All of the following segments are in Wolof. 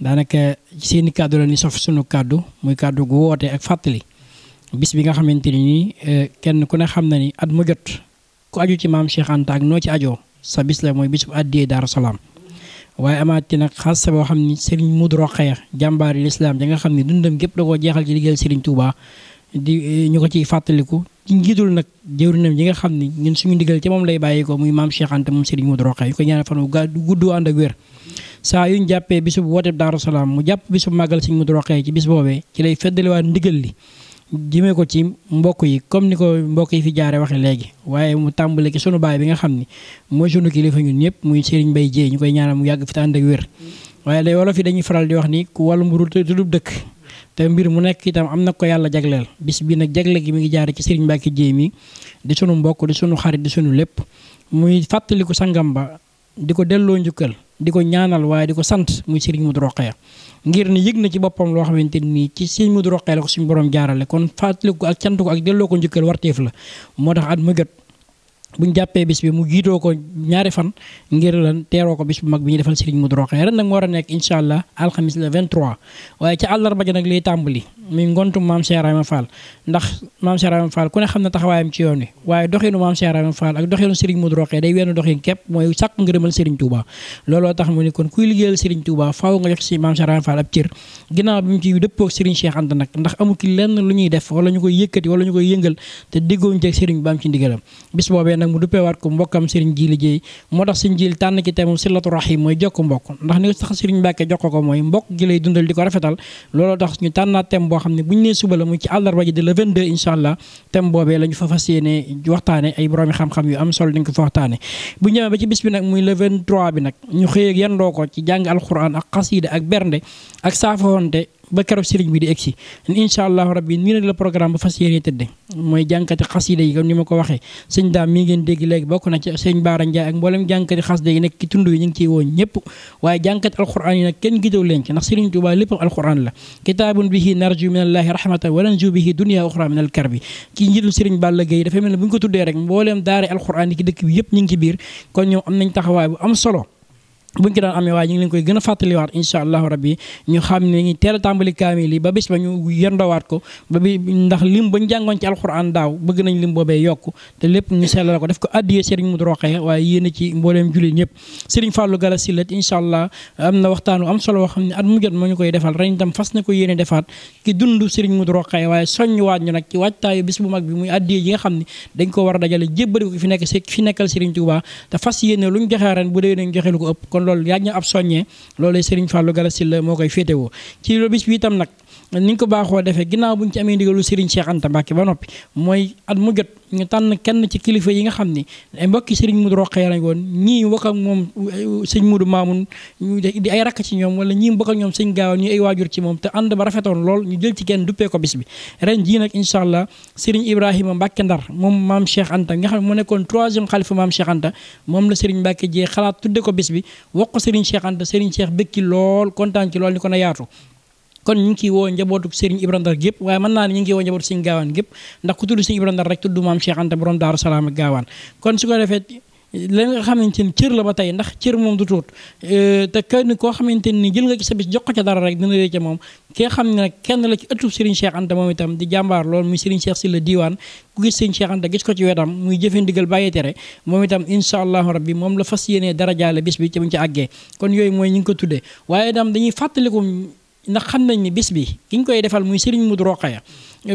daanaka seeni kàddu la ni sof sunu kàddu muy kàddu gu woote ak fàttali bis bi nga xamante ni nii eh, kenn ku ne xam na ni at mu jot ku aju ci maam Cheikh Anta ak noo ci ajoo sa bis la mooy bisub àddiyee Daaru Salaam waaye amaat ci nag xas sa boo xam ni Serigne Modou Rokhaya jàmbaari lislaam da nga xam ni dundam gépp da koo jeexal ci liggéeyal Serigne Touba di eh, ñu ko ci fàttaliku ci njiitul nag jëwrinam yi nga xam ni ñun suñu ndigal ci moom lay bàyyi ko muy maam Cheikh Anta moom Serigne Modou Rokhaya yu ko ñaanal fan wu gudd ànd ak saa yu yuñ jàppee bisub wooteb Daaru Salaam mu jàpp bisub màggal Sëñ Mudu Roqee ci bis boobee ci lay feddaliwaat ndigal li jëmee ko ci mbokk yi comme ni ko mbokk yi fi jaare waxe léegi waaye mu tàmbale ki sunu baay bi nga xam ni mooy sunu kilifa ñun ñëpp muy Serigne bay Dieye ñu koy ñaanal mu yàgg fi te ànd wér waaye day wolof yi dañuy faral di wax ni ku wàllu mburu te tuddub dëkk te mbir mu nekk itam am nag ko yàlla jagleel bis bi nag jagle gi mi ngi jaare ci Serigne Mbacké Dieye mi di sunu mbokk di sunu xarit di sunu lépp muy fàttaliku sangam ba di ko delloo njukkal di ko ñaanal waaye di ko sant muy mu Modou ya ngir ne yëg na ci boppam loo xamante ni ci Serigne Modou Rokhaya la ko suñu borom jaarale kon fàttaliku ko ak cant ko ak delloo ko njëkkal warteef la moo tax at mu gët buñ jàppee bis bi mu jiitoo ko ñaari fan ngir lan teeroo ko bis bu mag bi ñu defal Serigne Modou Rokhaya ren nag moo war a nekk incha allah alxamis le 23 waaye ca àllarba ja nag lay tàmbali muy ngontu maam Cheikh Ibrahima Fall ndax maam Cheikh Ibrahima Fall na taxawaayam ci yoon wi waaye doxinu maam Cheikh Ibrahima Fall ak doxinu Serigne Modou Rokhaya day wenn doxin képp mooy sàkk ngërëmal Serigne Touba looloo tax mu ne kon kuy liggéeyal Serigne Touba faaw nga jox si maam Cheikh Ibrahima Fall ab cër ginnaaw bi mu ci dëppoo ak Serigne nag ndax amul ki lenn lu ñuy def wala ñu koy yëkkati wala ñu koy yëngal te diggooñ ceeg Serigne ba am ci ndigalam bis boobee nag mu duppeewaat ko mbokkam Serigne ji liggéey moo tax Serigne ji tànn ci teemam silatu rahim mooy jokk mbokk ndax ni sax Serigne Mbacke jox boo xam ne bu ñu nee suba la mu ci àllarba ji di le 22 incha allah thème boobee la fa fas yéene waxtaane ay boroomi xam-xam yu am solo dañ ko fa waxtaane bu ñëwee ba ci bis bi nag muy le 23 bi nag ñu xëy yendoo ko ci jàng alquran ak xasiida ak bernde ak saafoonte ba keroog sëriñ bi di egg si incha allahu rabbi nii nag la programme ba fas yéene tëdde mooy jànkati xasida yi comme ni ma ko waxee sëñ daam mi ngeen dégg léegi bokk na ci sëñ Baara Ndiaye ak mboolem jànkati xasida yi nekk ci tund yi ñu ngi ciy woo ñëpp waaye jànkati alquran yi nag kenn gidaw leen ci ndax sëriñ Tuubaa léppam alquran la kitaabun bihi narju min allahi rahmatan wa nanju bihi dunya uxra min al karbi ci njiitul sëriñ Balla Gaye dafay bi yëpp ñu ngi ci biir kon ñoom am am solo buñ ko daan amee waaye ñu ngi leen koy gën a fàttaliwaat incha allahu rabbi ñu xam ne ñu teel a tàmbali kaamil yi ba bis ba ñu yendowaat ko ba bi ndax lim bañ jàngoon ci alxuraan daaw bëgg nañ lim boobee yokk te lépp ñu sellal ko def ko addiyee Serigne Modou Rokhaya waaye yéen ci mbooleem jullit ñëpp Serigne Fallou Gala Sillat incha allah am na waxtaanu am solo xam ne at mu ñu koy defal ren itam fas na ko yéene defaat ki dund Serigne Modou Rokhaya waaye a kon loolu yaa ñu ab soññee loolu Serigne Fallou Galass Syll moo koy féetewoo ci bis bi itam nag ni ko baaxoo defee ginnaaw bu ñu ci amee ndigalu Serigne Cheikh Anta Mbacke ba noppi mooy at mu jot ñu tànn kenn ci kilifa yi nga xam ni mbokki Serigne Modou Rokhaya lañ woon ñii wax ak moom sëñ Modou Mamoun ñu di ay rakk ci ñoom wala ñii mbokk ak ñoom sëñ Gaawa ñu ay waajur ci moom te ànd ba rafetoon lool jël ci kenn duppee ko bis bi ren jii nag incha allah Serigne Ibrahima Mbacke Ndar moom maam Cheikh Anta nga xam ne mu nekkoon troisième xalifa maam Cheikh Anta moom la Serigne Mbacke jee xalaat tuddee ko bis bi wax ko Serigne Cheikh Anta Serigne Cheikh bëkki lool kontaan ci lool ni ko na yaatu kon ñu ngi ciy woo njabootu Serigne Ibra Ndar gépp waaye mën naa ne ñu ngi ciy woo njabootu Serigne Gaawaan gépp ndax ku tudd Serigne Ibra Ndar rek tudd maam Cheikh Anta borom Daaru Salaam ak Gaawaan kon su ko defee leen nga xamante ni cër la ba tey ndax cër moom du tuut euh, te kenn koo xamante ni jël nga ci sa bis jox ko ca dara rek dina ree ca moom kee xam ne nag kenn la ci ëttub Serigne Cheikh Anta moom itam di jàmbaar lool muy Serigne Cheikh si la diiwaan ku gis Serigne Cheikh Anta gis ko ci wetam muy jëfe ndigal bàyyi tere moom itam incha allahu rabbi moom la fas yéenee dara jaale bis bi ci buñ ci àggee kon yooyu mooy ñu ngi ko tuddee waaye itam dañuy fàttaliku ndax xam nañ ni bis bi ki ñu koy defal muy Serigne Modou Rokhaya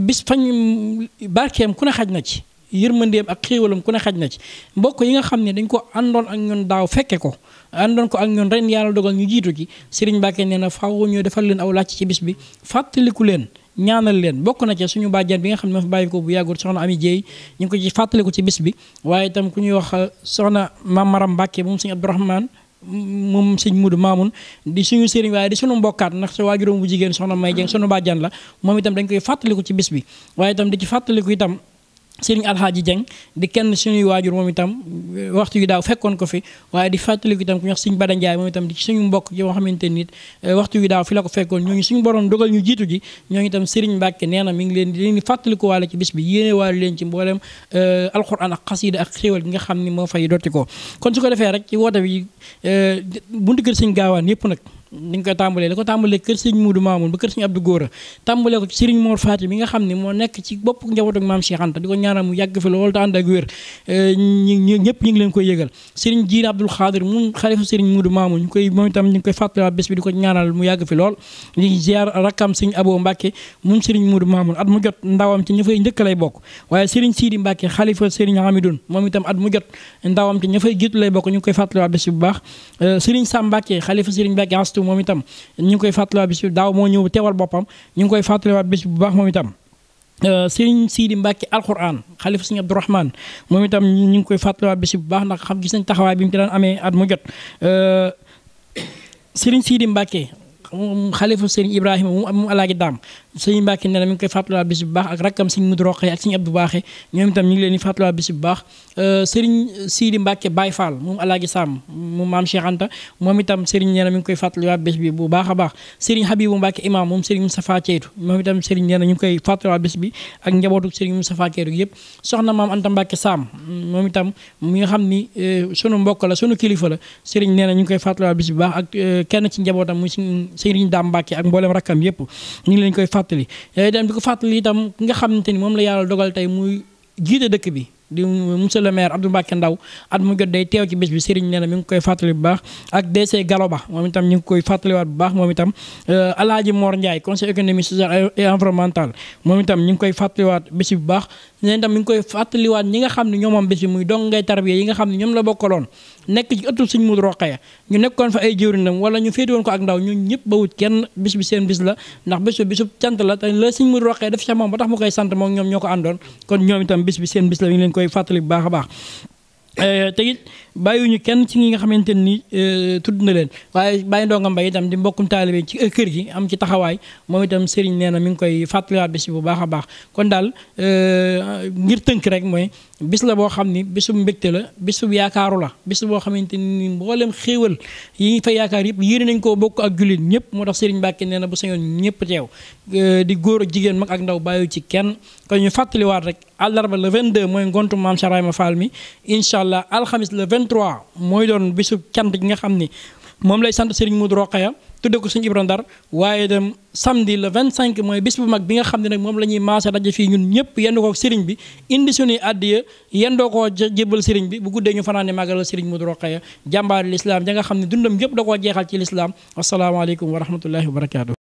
bis fañ barkeem ku ne xaj na ci yërmandeem ak xéewalam ku ne xaj na ci mbokk yi nga xam ne dañ ko àndoon ak ñun daaw fekke ko àndoon ko ak ñun ren yàlla dogal ñu jiitu ci Serigne Mbacke nee na faaw ñu defal leen aw laaj ci bis bi fàttaliku leen ñaanal leen bokk na ci suñu bàjjan bi nga xam ne ma fi bàyyi ko bu yàggul soxna Ami Dieye ñu ngi ko ci fàttaliku ci bis bi waaye itam ku ñuy wax soxna Mame Maram Mbacke moom suñu moom sëñ Mudu Maamun di suñu sëriñ waaye di suñu mbokkaat ndax sa waajuróom bu jigéen soxna May Jeng suñu bàjjan la moom itam dañ koy fàttaliku ci bis bi waaye itam di ci fàttaliku itam sëriñ Alxaaji Jeng di kenn suñuy waajur moom itam euh, waxtu yu daaw fekkoon ko fi waaye di fàttaliku itam ku ñuy wax sëriñ Bada Njaay moom itam di suñu mbokk yoo xamante ni euh, waxtu yu daaw fi la ko fekkoon ñooñu suñu borom dogal ñu jiitu ji ñooñu itam sëriñ Mbàkke nee na mi ngi leen di leen di fàttaliku waale ci bis bi yéene waale leen ci mboolem euh, alxuraan ak xasiida ak xéewal gi nga xam ni moo fay dotti ko kon su ko defee rek ci woote bi buntu kër sëriñ gaawaan yëpp nag ni nga ko tàmbalee la ko tàmbalee kër sëriñ Muudu Maamun ba kër sëriñ Abdu Góora tàmbalee ko sëriñ Mor Faati mi nga xam ne moo nekk ci bopp njabootu maam Cheikh Anta di ko euh, ñëpp ñu ngi leen koy yëgal sëriñ Jiir Abdul Xaadir mu xalifa sëriñ Muudu Maamun ñu koy moom ñu ngi koy fàttaliwaat bés bi di ko ñaanal mu yàgg fi lool di ziar rakkam sëriñ Abo Mbàkke moom sëriñ Muudu Maamun at mu jot ndawam ci ña fay njëkk lay bokk waaye sëriñ Siidi Mbàkke xalifa sëriñ Hamidun moom itam at mu jot ndawam ci ña fay jiitu bokk ñu ngi koy fàttaliwaat bés bi bu baax euh, sëriñ Sam Mbàkke xalifa sëriñ Mbàkke gëstu moom itam ñu ngi koy fàttaliwaat bis bi daaw ñëw teewal boppam ñu ngi koy fàttaliwaat bis bu baax moom itam euh, sëriñ Sidi Mbacke alquran xalifa sëriñ Abdourahmane moom itam ñu ngi koy fàttaliwaat bis bu baax ndax xam gis nañ taxawaay bi mu ci daan amee at mu jot euh, sëriñ Sidi Mbacke xalifa sëriñ Ibrahima mu alaaji daam sëñ Mbacke nee na mi ngi koy fàttaliwaat bis bu baax ak rakkam sëñ Mudu Roqee ak sëñ Abdu Baaxe ñoom itam ñu ngi leen di fàttaliwaat bis euh, moom Alaaji Sàmm moom maam Cheikh mi ngi koy fàttaliwaat bis bi bu baax a baax sëriñ Habibu Mbacke moom sëriñ Moustapha Ceytu moom itam sëriñ nee na ñu ngi koy fàttaliwaat bis bi ak njabootu sëriñ Moustapha Ceytu yëpp soxna maam Anta Mbacke Sàmm moom itam mi nga xam ni euh, sunu mbokk la sunu kilifa la sëriñ nee na ñu ngi koy fàttaliwaat bis bu baax ak euh, kenn ci njabootam muy sëriñ Daam Mbacke ak mboolem rakkam yëpp ñu ngi leen koy fàttali yooyu dem di ko fàttali itam ki nga xamante ni moom la yàlla dogal tey muy jiite dëkk bi di monsieur le maire Abdou Ndaw at mu jot day teew ci bés bi Serigne nee na ngi koy fàttali bu baax ak DC Galoba moom itam ñu ngi koy fàttaliwaat bu baax moom itam euh, Alaaji Mor Ndiaye conseil bés bi baax ñeneen itam mi ngi koy fàttaliwaat ñi nga xam ne ñoom moom bés bi muy dong ngay tarbiya yi nga xam ne ñoom la bokkaloon nekk ci ëttu sëñ Modou Rokhaya ñu nekkoon fa ay jëwrinam wala ñu féete woon ko ak ndaw ñun ñëpp bawut kenn bis bi seen bis la ndax bis bi bisub cant la te la sëñ Modou Rokhaya def ca moom ba tax mu koy sant moom ñoom ñoo ko àndoon kon ñoom itam bis bi seen bis la ñu leen koy fàttali bu baax a baax Eh, te it bàyyiwuñu kenn ci ñi nga xamante ni eh, tudd na leen waaye bàyyi ndonga mbay itam di mbokkum taalibe ci eh, kër gi am ci taxawaay moom itam Serigne nee na mi ngi koy fàttaliwaat bis bu baax a baax kon daal ngir tënk rek mooy bis la boo xam ni bisu mbégte la bisu yaakaaru la bis boo xamante ni mboolem xéewal yi fa yaakaar yëpp yéene nañ koo bokk ak jullit ñëpp moo tax Serigne Mbacke nee na bu sañoon ñëpp teew di góor ak jigéen mag ak ndaw bàyyiwu ci kenn ñu fàttaliwaat rek àllarba le 22 mooy ngontu maam ma Fall mi incha allah alxamis le 23 mooy doon bisu cant gi nga xam ni moom lay sant mu Modou Rokhaya tudde ko suñu Ibra Ndar waaye dem samedi le 25 mooy bis bu mag bi nga xam ne nag moom la ñuy maase daje fii ñun ñëpp yenn ko sëriñ bi indi suñuy àddiya yendoo koo jébbal sëriñ bi bu guddee ñu fanaane màggalal sëriñ Modou Rokhaya jàmbaari lislaam ja nga xam ne dundam yëpp da koo jeexal ci lislaam asalaamaaleykum wa rahmatullahi wa barakaatu.